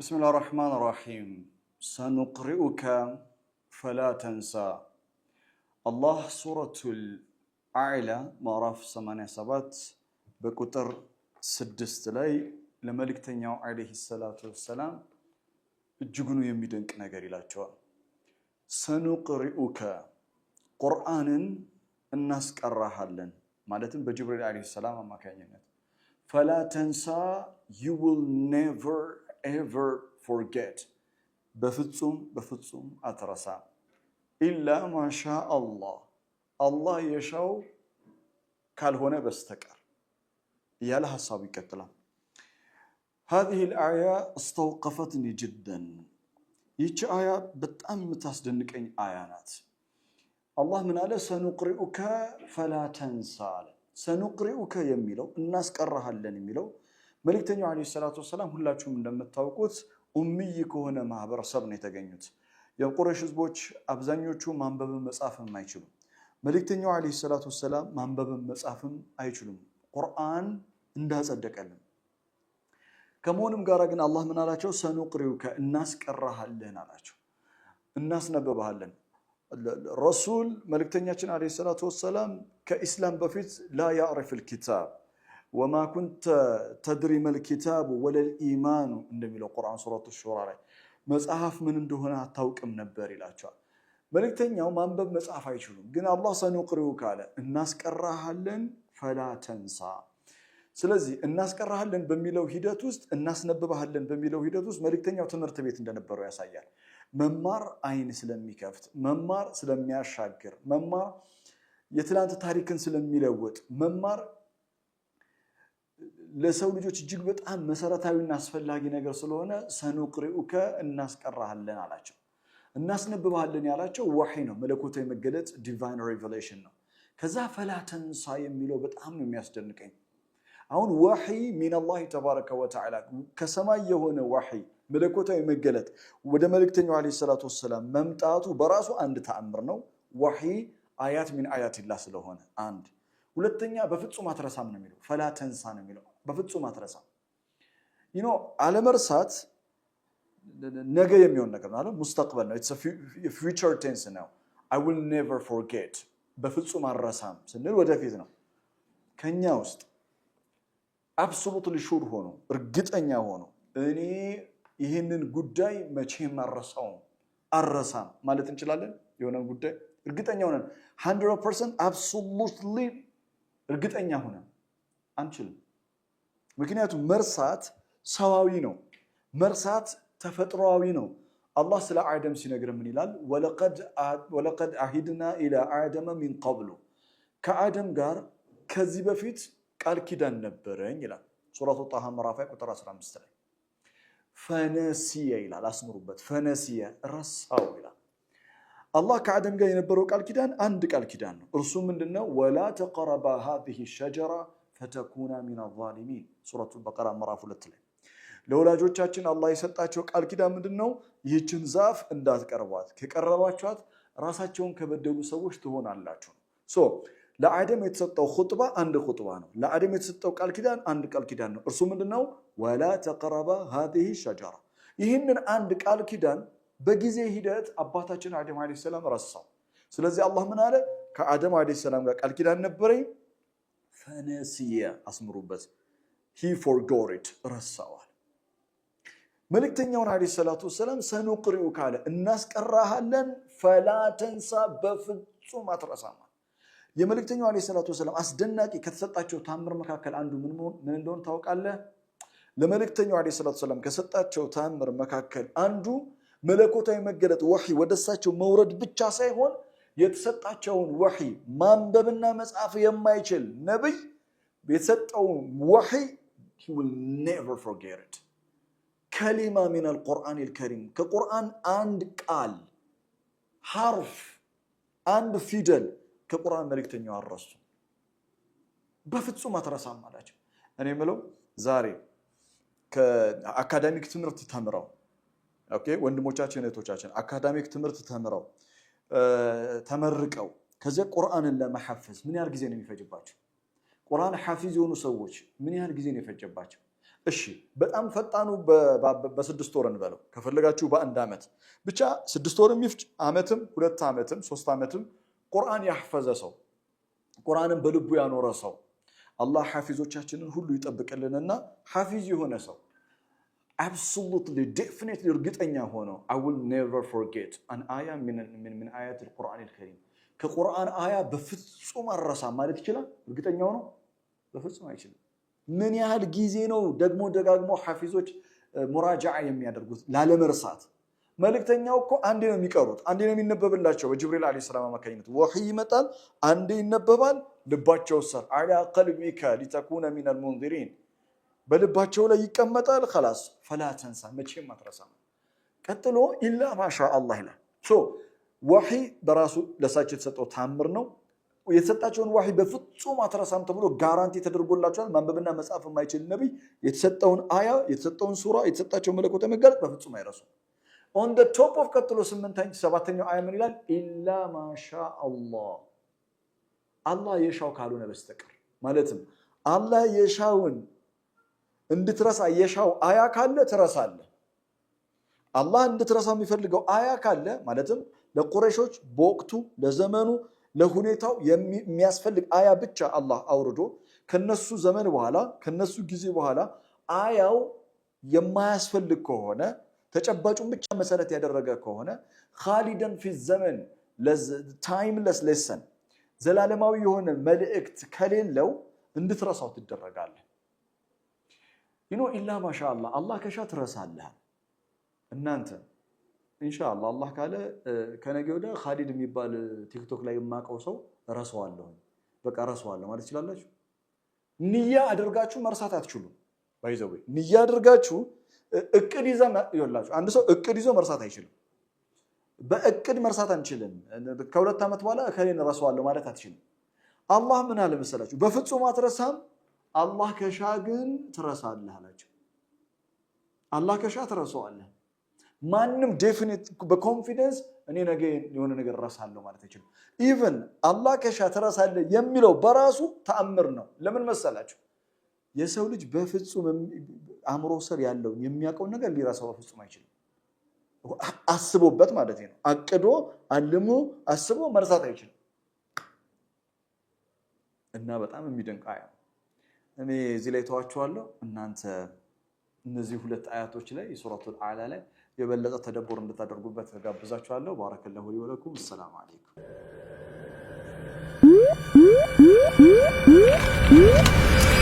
بسم الله الرحمن ሰኑቅሪኡከ سنقرئك فلا አላህ ሱረቱል አዕላ ምዕራፍ 87 በቁጥር ስድስት ላይ ለመልእክተኛው ዓለይሂ ሰላቱ ወሰላም እጅጉኑ የሚደንቅ ነገር ይላቸዋል። ሰኑቅሪኡከ ቁርአንን እናስቀራሃለን ማለትም በጅብሪል ዓለይሂ ሰላም አማካኝነት ፈላ ተንሳ ዩ ዊል ኔቨር ኤቨር ፎርጌት በፍጹም በፍጹም አትረሳ። ኢላ ማሻ አላህ አላህ የሻው ካልሆነ በስተቀር እያለ ሀሳቡ ይቀጥላል። ሀዚህ ልአያ እስተውቀፈትኒ ጅደን ይቺ አያ በጣም የምታስደንቀኝ አያ ናት። አላህ ምን አለ? ሰኑቅሪኡከ ፈላ ተንሳ አለ። ሰኑቅሪኡከ የሚለው እናስቀራሃለን የሚለው መልእክተኛው ዓለይሂ ሰላቱ ወሰላም ሁላችሁም እንደምታውቁት ኡምይ ከሆነ ማህበረሰብ ነው የተገኙት። የቁረሽ ህዝቦች አብዛኞቹ ማንበብን መጻፍም አይችሉም። መልእክተኛው ዓለይሂ ሰላቱ ወሰላም ማንበብን መጻፍም አይችሉም። ቁርአን እንዳጸደቀልን ከመሆንም ጋር ግን አላህ ምን አላቸው? ሰኑቅሪውከ እናስቀራሃለን አላቸው፣ እናስነበባሃለን። ረሱል መልእክተኛችን ዓለይሂ ሰላቱ ወሰላም ከኢስላም በፊት ላ ያዕሪፍ ልኪታብ ወማ ኩንተ ተድሪ መልኪታቡ ወለል ኢማኑ እንደሚለው ቁርአን ሱረቱ ሹራ ላይ መጽሐፍ ምን እንደሆነ አታውቅም ነበር ይላቸዋል። መልእክተኛው ማንበብ መጽሐፍ አይችሉም፣ ግን አላህ ሰኑቅሪው ካለ እናስቀራሃለን፣ ፈላ ተንሳ። ስለዚህ እናስቀራሃለን በሚለው ሂደት ውስጥ እናስነብባሃለን በሚለው ሂደት ውስጥ መልእክተኛው ትምህርት ቤት እንደነበረው ያሳያል። መማር አይን ስለሚከፍት፣ መማር ስለሚያሻግር፣ መማር የትላንት ታሪክን ስለሚለውጥ፣ መማር ለሰው ልጆች እጅግ በጣም መሰረታዊና አስፈላጊ ነገር ስለሆነ ሰኑቅሪኡከ እናስቀራሃለን አላቸው። እናስነብባሃለን ያላቸው ወሒ ነው፣ መለኮታዊ መገለጥ ዲቫይን ሬቨሌሽን ነው። ከዛ ፈላተንሳ የሚለው በጣም ነው የሚያስደንቀኝ። አሁን ወሒ ሚንላሂ ተባረከ ወተዓላ ከሰማይ የሆነ ወሒ መለኮታዊ መገለጥ ወደ መልእክተኛው ዓለይሂ ሰላቱ ወሰላም መምጣቱ በራሱ አንድ ተአምር ነው። ወሒ አያት ሚን አያት ላ ስለሆነ አንድ ሁለተኛ በፍጹም አትረሳም ነው የሚለው ፈላ ነው የሚለው በፍጹም አትረሳም። ይኖ አለመርሳት ነገ የሚሆን ነገር ነው። ሙስተቅበል ነው። ፊውቸር ቴንስ ነው። አይ ዊል ኔቨር ፎርጌት በፍጹም አልረሳም ስንል ወደፊት ነው። ከኛ ውስጥ አብሶሉትሊ ሹር ሆኖ እርግጠኛ ሆኖ እኔ ይህንን ጉዳይ መቼም አልረሳውም አልረሳም ማለት እንችላለን። የሆነ ጉዳይ እርግጠኛ ሆነን 100 ፐርሰንት አብሶሉትሊ እርግጠኛ ሆነን አንችልም። ምክንያቱም መርሳት ሰዋዊ ነው። መርሳት ተፈጥሮዊ ነው። አላህ ስለ አደም ሲነግር ምን ይላል? ወለቀድ አሂድና ኢላ አደመ ሚን ቀብሉ ከአደም ጋር ከዚህ በፊት ቃል ኪዳን ነበረኝ ይላል። ሱረቱ ጣሃ መራፋይ ቁጥር 15 ላይ ፈነሲየ ይላል። አስምሩበት። ፈነሲየ ረሳው ይላል። አላህ ከአደም ጋር የነበረው ቃል ኪዳን አንድ ቃል ኪዳን ነው። እርሱ ምንድነው? ወላ ተቀረባ ሃዚህ ሸጀራ ፈተኩና ሚን አዛሊሚን ሱረቱ በቀራ ምዕራፍ ሁለት ላይ ለወላጆቻችን አላህ የሰጣቸው ቃል ኪዳን ምንድን ነው? ይህችን ዛፍ እንዳትቀርቧት፣ ከቀረባችኋት ራሳቸውን ከበደሉ ሰዎች ትሆናላችሁ ነው። ለአደም የተሰጠው ኹጥባ አንድ ኹጥባ ነው። ለአደም የተሰጠው ቃል ኪዳን አንድ ቃል ኪዳን ነው። እርሱ ምንድን ነው? ወላ ተቀረባ ሃዚህ ሸጀራ። ይህንን አንድ ቃል ኪዳን በጊዜ ሂደት አባታችን አደም ዓለይሂ ሰላም ረሳው። ስለዚህ አላህ ምን አለ? ከአደም ዓለይሂ ሰላም ጋር ቃል ኪዳን ነበረኝ ፈነስየ አስምሩበት ሂ ፎርጎሪት ረሳዋል። መልእክተኛውን ዓለይሂ ሰላቱ ወሰላም ሰኑቅሪኡ ካለ እናስቀራሃለን፣ ፈላ ተንሳ በፍጹም አትረሳማ። የመልእክተኛው ዓለይሂ ሰላቱ ወሰላም አስደናቂ ከተሰጣቸው ታምር መካከል አንዱ ምን እንደሆን ታውቃለህ? ለመልእክተኛው ዓለይሂ ሰላቱ ወሰላም ከሰጣቸው ታምር መካከል አንዱ መለኮታዊ መገለጥ ወሒ ወደሳቸው መውረድ ብቻ ሳይሆን የተሰጣቸውን ወሒ ማንበብና መጻፍ የማይችል ነቢይ የተሰጠውን ወሒ ከሊማ ሚን አልቁርአን ልከሪም ከቁርአን አንድ ቃል ሐርፍ አንድ ፊደል ከቁርአን መልእክተኛው አረሱ በፍጹም አትረሳም አላቸው። እኔ የምለው ዛሬ ከአካዳሚክ ትምህርት ተምረው ወንድሞቻችን እህቶቻችን አካዳሚክ ትምህርት ተምረው ተመርቀው ከዚያ ቁርአንን ለመሐፈዝ ምን ያህል ጊዜ ነው የሚፈጅባቸው? ቁርአን ሐፊዝ የሆኑ ሰዎች ምን ያህል ጊዜ ነው የፈጀባቸው? እሺ በጣም ፈጣኑ በስድስት ወር እንበለው፣ ከፈለጋችሁ በአንድ ዓመት ብቻ ስድስት ወር የሚፍጭ ዓመትም ሁለት ዓመትም ሶስት ዓመትም ቁርአን ያሐፈዘ ሰው ቁርአንን በልቡ ያኖረ ሰው አላህ ሐፊዞቻችንን ሁሉ ይጠብቅልንና ሐፊዝ የሆነ ሰው አብሶሉትሊ ዴፊኒትሊ እርግጠኛ ሆኖ አይ ዊል ኔቨር ፎርጌት አን አያ ምን አያት ልቁርአን ልከሪም ከቁርአን አያ በፍጹም አረሳ ማለት ይችላል? እርግጠኛ ሆኖ በፍጹም አይችልም። ምን ያህል ጊዜ ነው ደግሞ ደጋግሞ ሐፊዞች ሙራጃዓ የሚያደርጉት ላለመርሳት? መልእክተኛው እኮ አንዴ ነው የሚቀሩት፣ አንዴ ነው የሚነበብላቸው። በጅብሪል ዓለይሂ ሰላም አማካኝነት ወህይ ይመጣል፣ አንዴ ይነበባል። ልባቸው ሰር አላ ቀልቢከ ሊተኩነ ሚነል ሙንዚሪን በልባቸው ላይ ይቀመጣል። ከላስ ፈላ ተንሳ መቼም አትረሳም። ቀጥሎ ኢላ ማሻ አላህ ይላል። ዋሒ በራሱ ለሳቸው የተሰጠው ታምር ነው። የተሰጣቸውን ዋሒ በፍጹም አትረሳም ተብሎ ጋራንቲ ተደርጎላቸዋል። ማንበብና መጻፍ የማይችል ነቢይ የተሰጠውን አያ፣ የተሰጠውን ሱራ፣ የተሰጣቸውን መለኮተ መጋለጥ በፍጹም አይረሱም። ኦን ደ ቶፕ ኦፍ ቀጥሎ ሰባተኛው አያ ምን ይላል? ኢላ ማሻ አላህ አላህ የሻው ካልሆነ በስተቀር ማለትም አላህ የሻውን እንድትረሳ የሻው አያ ካለ ትረሳለ። አላህ እንድትረሳ የሚፈልገው አያ ካለ ማለትም ለቁረሾች በወቅቱ ለዘመኑ ለሁኔታው የሚያስፈልግ አያ ብቻ አላህ አውርዶ ከነሱ ዘመን በኋላ ከነሱ ጊዜ በኋላ አያው የማያስፈልግ ከሆነ ተጨባጩን ብቻ መሰረት ያደረገ ከሆነ ካሊደን ፊ ዘመን ታይምለስ ሌሰን ዘላለማዊ የሆነ መልእክት ከሌለው እንድትረሳው ትደረጋለህ። ይኖ ኢላ ማሻአላ አላህ ከሻ ትረሳለህ። እናንተ ኢንሻአላ አላህ ካለ ከነገ ወዲያ ኻሊድ የሚባል ቲክቶክ ላይ የማውቀው ሰው እረሳዋለሁ፣ በቃ እረሳዋለሁ ማለት ትችላላችሁ። ንያ አድርጋችሁ መርሳት አትችሉም። ባይዘው ንያ አድርጋችሁ እቅድ ይዘ ይላችሁ አንድ ሰው እቅድ ይዞ መርሳት አይችልም። በእቅድ መርሳት አንችልም። ከሁለት ዓመት በኋላ እከሌን እረሳዋለሁ ማለት አትችልም። አላህ ምን አለ መሰላችሁ በፍጹም አትረሳም አላህ ከሻ ግን ትረሳለህ አላቸው። አላህ ከሻ ትረሳዋለህ። ማንም ዴፊኒት በኮንፊደንስ እኔ ነገ የሆነ ነገር እረሳለሁ ማለት አይችልም። ኢቨን አላህ ከሻ ትረሳለህ የሚለው በራሱ ተአምር ነው። ለምን መሰላችሁ? የሰው ልጅ በፍጹም አእምሮ ስር ያለውን የሚያውቀውን ነገር ሊረሳው በፍጹም አይችልም። አስቦበት ማለት ነው። አቅዶ አልሞ አስቦ መርሳት አይችልም እና በጣም የሚደንቅ አያ ነው። እኔ እዚህ ላይ ተዋችኋለሁ። እናንተ እነዚህ ሁለት አያቶች ላይ የሱረቱ አዕላ ላይ የበለጠ ተደቦር እንድታደርጉበት ተጋብዛችኋለሁ። ባረከላሁ ሊ ወለኩም። አሰላሙ አለይኩም